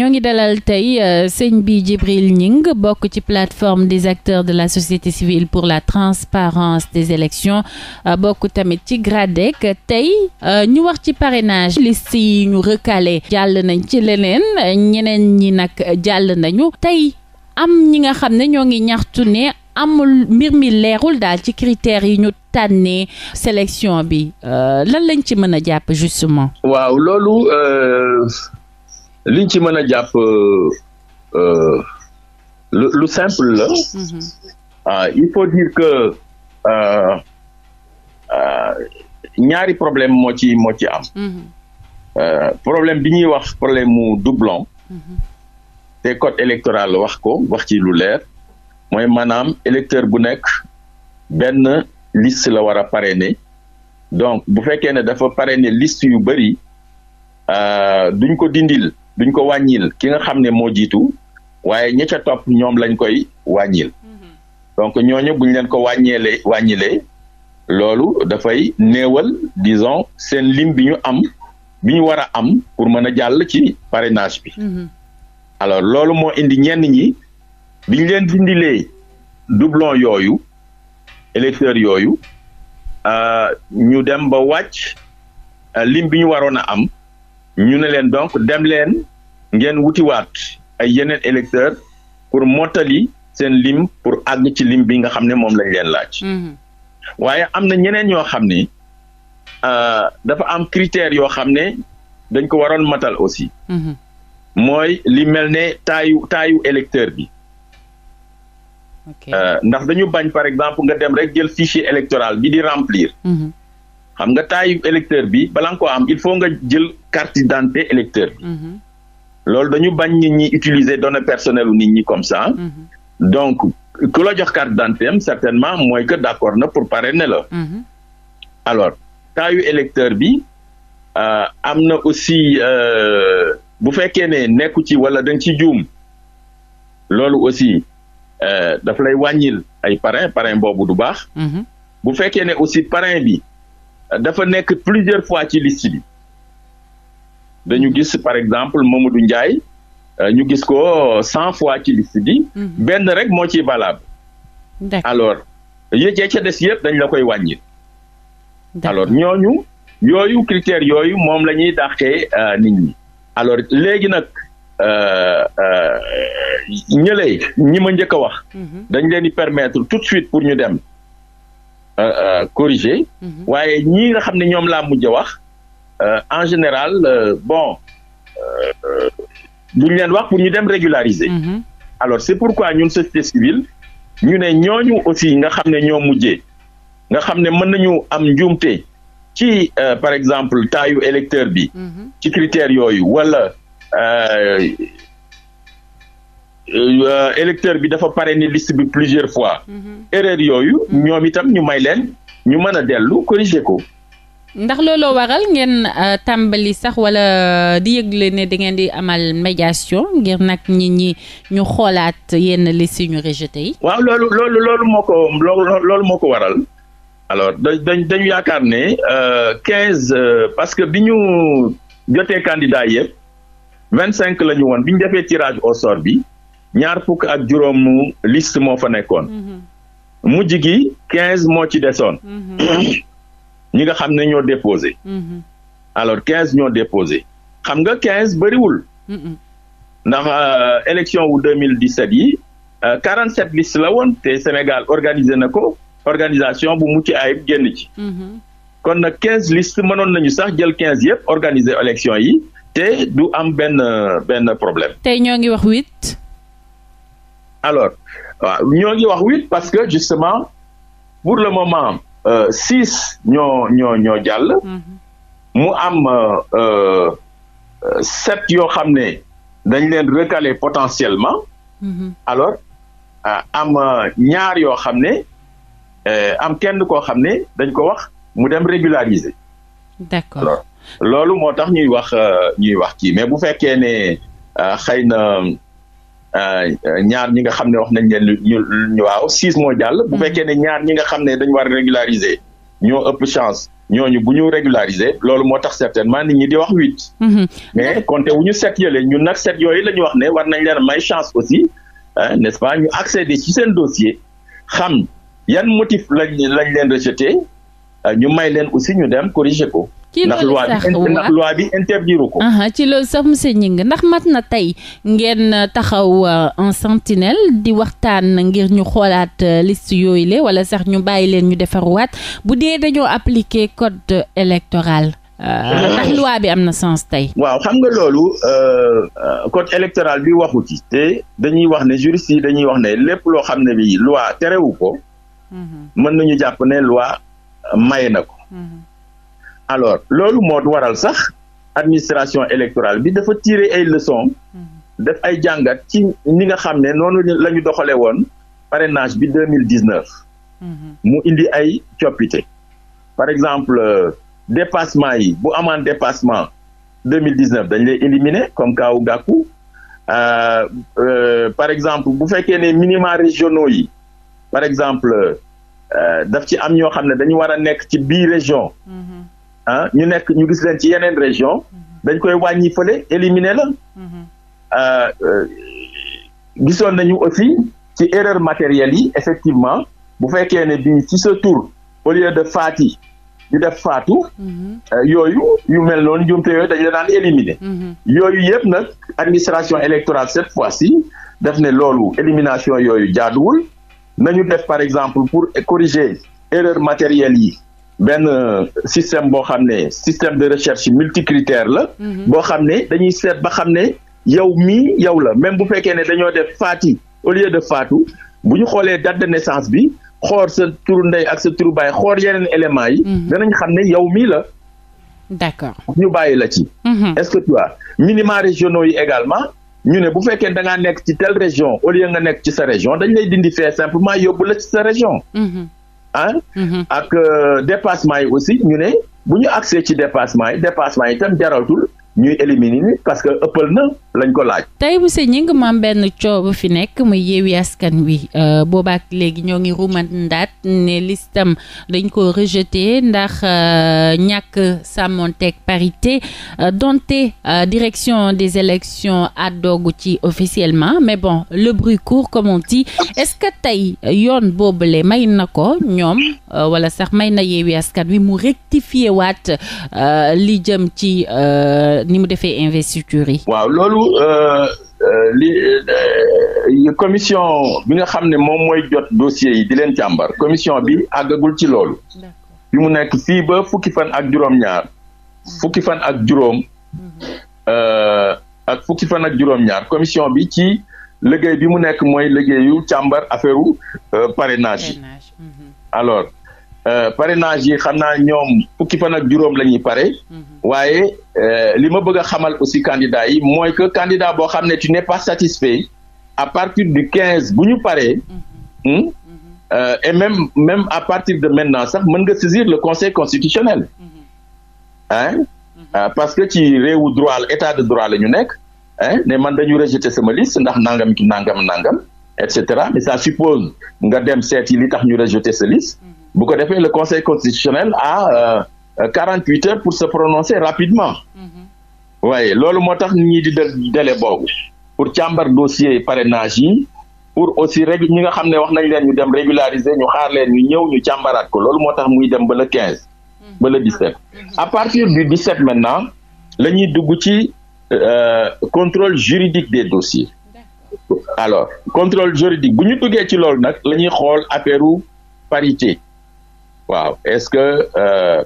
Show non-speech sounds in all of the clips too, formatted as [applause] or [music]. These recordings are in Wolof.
ñoo ngi dalal tey euh, sëñ bi Djibril Gning bokk ci plateforme des acteurs de la société civile pour la transparence des élections euh, bokk tamit ci GRADEC tey euh, ñu wax ci parrainage liste yi ñu recalé jàll nañ ci leneen ñeneen ñi nag jàll nañu tey am ñi nga xam ne ñoo ngi ñaxtu ne amul mbir mi leerul daal ci critères yi ñu tànnee sélection bi lan lañ ci mën a jàpp justement waaw loolu liñ ci mën a jàpp euh, euh, lu lu simple la. Mm-hmm. ah il faut dire que euh, ñaari problème moo ci moo ci am. Mm-hmm. problème bi ñuy wax problème mu doublon. Mm-hmm. te code électoral wax ko wax ci lu leer mooy maanaam électeur bu nekk benn liste la war a parrainer donc bu fekkee ne dafa parrainer liste yu bëri duñ ko dindil duñ ko wàññil ki nga xam ne moo jiitu waaye ña ca topp ñoom lañ koy wàññil mm-hmm. donc ñooñu buñ leen ko wàññeelee wàññilee loolu dafay néewal dison seen lim bi ñu am bi ñu war a am pour mën a jàll ci parrainage bi. Mm-hmm. alors loolu moo indi ñenn ñi biñ leen dindilee doublon yooyu électeurs yooyu euh, ñu dem ba wàcc euh, lim bi ñu waroon a am. ñu ne leen donc dem leen ngeen wutiwaat ay yeneen électeurs pour mottali seen lim pour àgg ci lim bi nga xam ne moom lañ leen laaj. Mhm. waaye am na ñeneen ñoo xam ne euh, dafa am critères yoo xam ne dañ ko waroon matal aussi. Mhm. mooy li mel ne taayu taayu électeur bi. Euh, ndax dañu bañ par exemple nga dem rek jël fichier électoral bi di remplir. Mhm. xam nga taayu électeur bi balaa nga am il faut nga jël carte d'identité électeur bi. Mhm. loolu dañu bañ nit ñi utiliser données personnelles nit ñi comme ça. Mhm. donc ku la jox carte d'identité am certainement mooy que d'accord na pour parrainer la. Mhm. alors taayu électeur bi euh, am na aussi euh, bu fekkee ne nekku ci wala dañ nga ci juum loolu aussi euh, daf lay wàññil ay parrain parrain boobu du baax. bu fekkee ne aussi parrain bi. dafa nekk plusieurs fois ci liste bi dañu gis par exemple Mamadou Ndiaye euh, ñu gis ko cent fois ci liste bi. Mhm. benn rek moo ciy valable. alors yéen ca des yëpp dañ la koy wàññi. alors ñooñu yooyu critères yooyu moom la ñuy dàqee euh, nit ñi. alors léegi nag euh, ñële ñi ma njëkk wax. Mhm. dañ leen di permettre tout de suite pour ñu dem. Euh, euh, corrigé. Mhm. waaye ñii nga xam ne ñoom laa mujj wax euh, en général bon duñ leen wax pour ñu dem régulariser. Mhm. alors c'est pourquoi ñun société civile ñu ne ñooñu aussi nga xam ne ñoo mujjee nga xam ne mën nañu am njuumte ci par exemple taayu électeur bi. Mhm. ci critères yooyu wala. Euh, électeur bi dafa parrainé liste bi plusieurs fois. Mhm. erreur yooyu. Mhm. ñoom itam ñu may leen ñu mën a dellu corriger ko. ndax looloo waral ngeen euh, tàmbali sax wala euh, di yëgle ne da ngeen di amal médiation ngir nag nit ñi ñu xoolaat yenn liste ñu rejeté yi. waaw loolu loolu loolu moo ko loolu moo ko waral. alors dañ dañu yaakaar ne quinze parce que bi ñu jotee candidat yëpp vingt cinq la ñu woon bi ñu defee tirage au sort bi ñaar fukk ak juróom liste moo fa nekkoon mm-hmm. mujj gi quinze moo ci desoon mm-hmm. ñi nga xam ne ñoo déposé mm-hmm. alors quinze ñoo déposé xam nga quinze bëriwul ndax euh, élection wu 2017 yi euh, quarante sept liste la woon te Sénégal organisé na ko organisation bu mucc ay génn ci kon nag quinze liste mënoon nañu sax jël quinze yëpp organiser élection yi te du am benn benn problème tey ñoo ngi wax huit alors waaw ñoo wax huit parce que justement pour le moment euh, six ñoo ñoo ñoo jàll. Mm-hmm. mu am euh, euh, set yoo xam ne dañ leen recaler potentiellement. Mm-hmm. alors euh, am ñaar yoo xam ne am kenn koo xam ne dañ ko wax mu dem régulariser. d'accord alors loolu moo tax ñuy wax ñuy wax kii mais bu fekkee ne xëy na. Euh, ñaar ñi nga xam ne wax nañ leen ñu waaw six moo jàll. bu hmm. fekkee ne ñaar ñi nga xam ne dañu war a régulariser ñoo ëpp chance ñooñu bu ñu régulariser loolu moo tax certainement nit ñi di wax huit. Hmm. mais compter wu ñu sept yële ñun nag sept yooyu la ñu wax ne war nañ leen may chance aussi n'est-ce pas ñu accéder ci seen dossier xam yan motif lañ lañ leen rejeté euh, ñu may leen aussi ñu dem corriger ko. ci ndax loi bi ndax loi bi interdire ko. ci loolu sax monsieur ndax mat na tey ngeen euh, taxaw un euh, sentinelle di waxtaan na ngir ñu xoolaat euh, list yooyu le wala sax ñu bàyyi leen ñu defarwaat bu dee dañoo appliquer code électorale ndax loi bi am na sens tey. waaw xam nga loolu code électoral bi waxu ci te dañuy wax ne juriste yi dañuy wax ne lépp loo xam ne bi loi terewu ko. Mhm. mën nañu jàpp ne loi may na ko. Mhm. alors loolu moo waral sax administration électorale bi dafa tiire ay leçons hmm. def ay jàngat ci ni nga xam ne noonu la ñu doxalee woon parrainage bi deux mille dix neuf hmm. mu indi ay coppite par exemple euh, dépassement yi bu amaan dépassement deux mille dix neuf dañ lay éliminer comme kaawu gàkku euh, euh, par exemple bu fekkee ne minima régionaux yi par exemple euh, daf ci am ñoo xam ne dañu war a nekk ci biir région mm ah ñu nekk ñu gis leen ci yeneen région mhm. dañ koy wàññi fële éliminer la mhm. ah, euh, gisoon nañu aussi ci erreur matérielle yi effectivement bu fekkee ne bii ci sa tur au lieu de faati ñu def faatu mhm. euh, yooyu yu mel noonu njuumte yooyu dañu daan éliminer yooyu yëpp nag administration électorale cette fois si def ne loolu élimination yooyu jaaduwul nañu def par exemple pour corriger erreur matérielle yi benn système boo xam ne système de recherche multicritère la. Mhm. boo xam ne dañuy seet ba xam ne yow mii yow la même bu fekkee ne dañoo def faati au lieu de faatu bu ñu xoolee date de naissance bi xool sa turu ndey ak sa turu baay xool yeneen éléments yi. Mhm. danañ xam ne yow mii la. d'accord ñu bàyyi la ci. Mhm. est-ce que tu as régionaux yi également. ñu ne bu fekkee da ngaa nekk ci telle région au lieu nga nekk ci sa région dañ lay dindi fee simplement yóbbu la ci sa région. hum mhm. ah. ak euh, dépassement yi aussi ñu ne bu ñu accès ci dépassement yi dépassement yi tam jaraltul ñuy éliminer parce que ëppal na lañ ko laaj. tey bu sa ñi nga maam benn coow fi nekk muy yeewi askan wi euh, boobaak léegi ñoo ngi rumandaat ne listam dañ ko rejeté ndax euh, ñàkk sàmmonteeg parité euh, donte direction des élections àddoogu ci officiellement mais bon le bruit court comme on dit est-ce que tey yoon boobule may na ko ñoom wala sax may na yeewi askan wi mu rectifier waat li jëm ci. ni mu defee investiture yi. waaw loolu euh, euh, li euh, commission bi nga xam ne moom mooy jot dossier yi di leen càmbar commission bi àggagul ci loolu. bi mu nekk fii ba fukki fan ak juróom-ñaar fukki fan ak juróom. Mhm. ak fukki fan ak juróom-ñaar commission bi ci liggéey bi mu nekk mooy liggéeyu càmbar affaire parrainage yi mhm. alors. Euh, parrainage yi xam naa ñoom fukki fan ak juróom la ñuy pare. Mhm. waaye euh, li ma bëgg a xamal aussi candidat yi mooy que candidat boo xam ne tu n'es pas satisfait à partir du quinze bu ñu paree. Mhm. Hmm, mhm. euh, et même même à partir de maintenant sax mën nga saisir le conseil constitutionnel. ah parce que ci réewu droit état de droit ñu nekk. ne man dañu rejeter sama liste ndax nangam ki nangam nangam et cetera mais ça suppose nga dem seeti li tax ñu rejeter sa liste. bu ko defee le conseil constitutionnel a euh, quarante huit heures pour se prononcer rapidement waaye mm-hmm. loolu moo tax ñi di del délai boobu pour càmbar dossier parrainage yi pour aussi rég ñi nga xam ne wax nañ leen ñu dem régulariser ñu xaar leen ñu ñëw ñu càmbaraat ko loolu moo tax muy dem ba le quinze mm-hmm. ba la dix sept mm-hmm. à partir du dix sept maintenant la ñuy dugg ci euh, contrôle juridique des dossiers alors controle juridique bu ñu duggee ci loolu nag la ñuy xool affaire parité waaw est-ce que euh,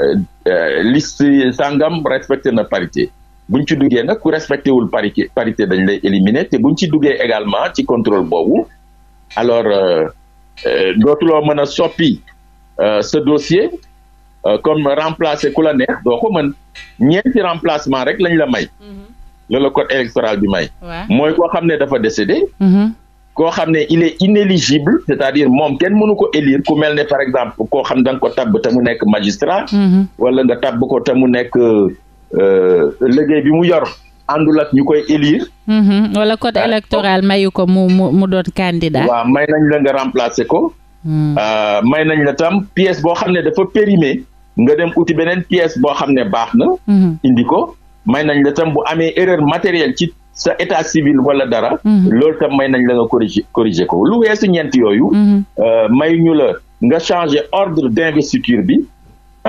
euh, euh, liste sangam respecté na parité buñ ci duggee nag ku respecté wul parité parité dañ lay éliminer te buñ ci duggee également ci contrôle boobu alors euh, euh, dootuloo mën a soppi ce dossier comme remplacer ku la neex doo ko mën ñeenti remplacement rek lañ la may. loolu mm-hmm. la code électoral bi may. mooy koo xam ne dafa décédé. Mm-hmm. koo xam ne il est inéligible c'est-à-dire moom kenn mënu ko élire ku mel ne par exemple koo xam da nga ko tabb te mu nekk magistrat mm-hmm. wala nga tabb ko te nekk euh, liggéey bi mu yor àndul ak ñu koy élire mm-hmm. wala code électoral mayu ko mu mu mu doon candidat waaw may nañ la nga remplacer ko mm. euh, may nañ la tam pièce boo xam ne dafa périmé nga dem uti beneen pièce boo xam ne baax na mm-hmm. indi ko may nañ la tam bu amee erreur matérielle ci sa état civil wala dara. Mhm. lool tam may nañ la nga corriger ko lu weesu ñeent yooyu. Mhm. Euh, may ñu la nga changer ordre d'investiture bi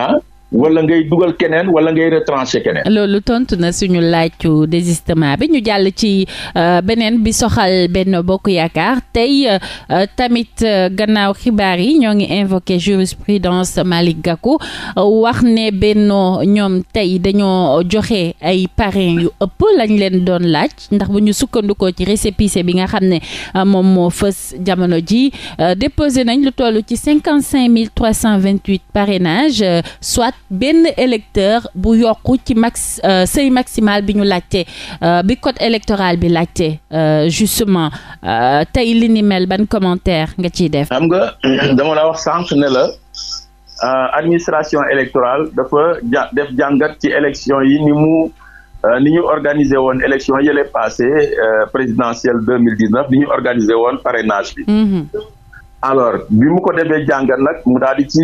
ah wala ngay dugal keneen wala ngay retranché keneen. loolu tontu na suñu laajtu désistement bi ñu jàll ci euh, beneen bi soxal benn bokk yaakaar tey euh, tamit euh, gannaaw xibaar yi ñoo ngi invoqué jurisprudence Malick Gakou wax ne bennoo ñoom tey dañoo joxe ay parrain yu ëpp lañ leen doon laaj ndax bu ñu sukkandikoo ci récépissé bi nga xam ne moom moo fës jamono ji déposé nañ lu toll ci cinquante cinq mille trois cent vingt huit parrainage soit. benn électeur bu yokku ci max euh, seuil maximal bi ñu laajte euh, bi code électoral bi laajte euh, justement tey li ni mel ban commentaire nga ci def. xam nga [clears throat] dama la wax sànq ne la administration électorale dafa ja def jàngat ci élection yi ni mu. ni ñu organiser woon élection yële passé présidentielle deux mille dix neuf ni ñu organiser woon parrainage bi. Mhm. alors bi mu ko defee jàngat nag mu daal di ci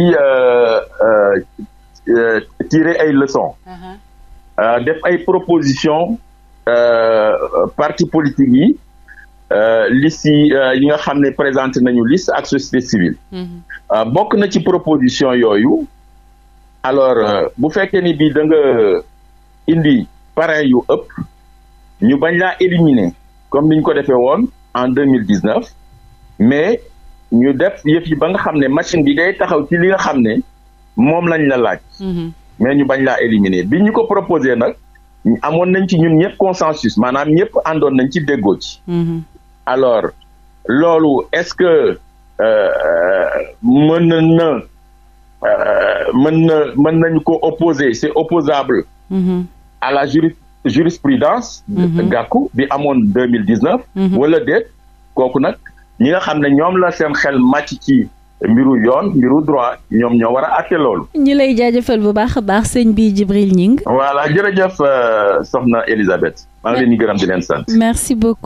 Euh, tirer ay leçons. Uh-huh. Euh, def ay propositions euh, parti politique yi liste yi nga xam ne présenté nañu liste ak société civile. Mm-hmm. bokk na ci proposition yooyu alors bu fekkee ni bii danga indi parrain yu ëpp ñu bañ laa éliminer comme li ñu ko defee woon en deux mille dix neuf mais ñu def yëf yi ba nga xam ne machine bi day taxaw ci li nga xam ne. moom lañ la laaj. Mhm. mais ñu bañ laa éliminer bi ñu ko proposé nag amoon nañ ci ñun ñëpp consensus maanaam ñëpp àndoon nañ ci déggoo ci. Mhm. alors loolu est-ce que euh, euh, mën na euh, mën na mën nañu ko opposer c'est opposable. Mhm. à la juri jurisprudence. gàkku bi amoon deux mille dix neuf. wala déet kooku nag ñi nga xam ne ñoom la seen xel màcc ci. mbiru yoon mbiru droit ñoom ñoo war a àtte loolu. ñu lay jaajëfal bu baax a baax seen sëñ bi Djibril Gningue. voilà jërëjëf euh, soxna Elisabeth. maa ngi leen di gërëm di leen sant. merci beaucoup.